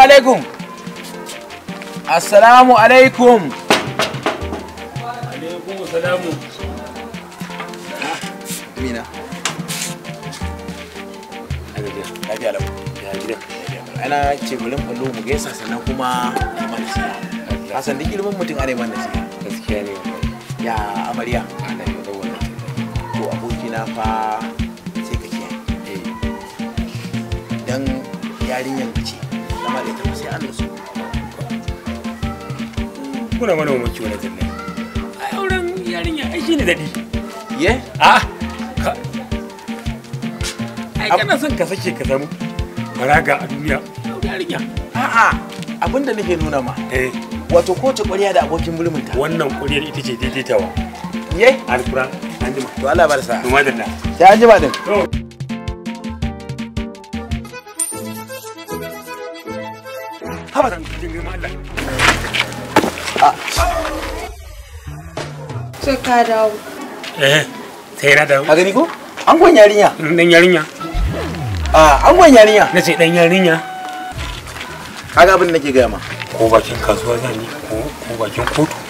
alaikum. Assalamu alaikum. Alaikum salamu. Amina. Lafiya Ana ce mu mu gaisa sannan kuma neman nasiha. Hasan duk ilimin mutum ana neman nasiha. Gaskiya ne. Ya amarya. Ana yi da wannan. To abokina fa sai ka kiyaye. Eh. Dan yarinyar ce. zama kuna mana mamaki wani zanne a auren yarinya ai shine daɗi ye a ka ai kana son ka sake ka samu a duniya yarinya a'a abinda nake nuna ma eh wato kowace ƙwarya da abokin mulminta wannan ƙwaryar ita ce daidaitawa ye alkuran anjima to Allah anjima din to haba sai ka dawo eh sai na dawo a gani ko an gwan yarinya mm, dan yarinya a an gwan yarinya na ce dan yarinya kaga abin da nake gaya ma ko bakin kotu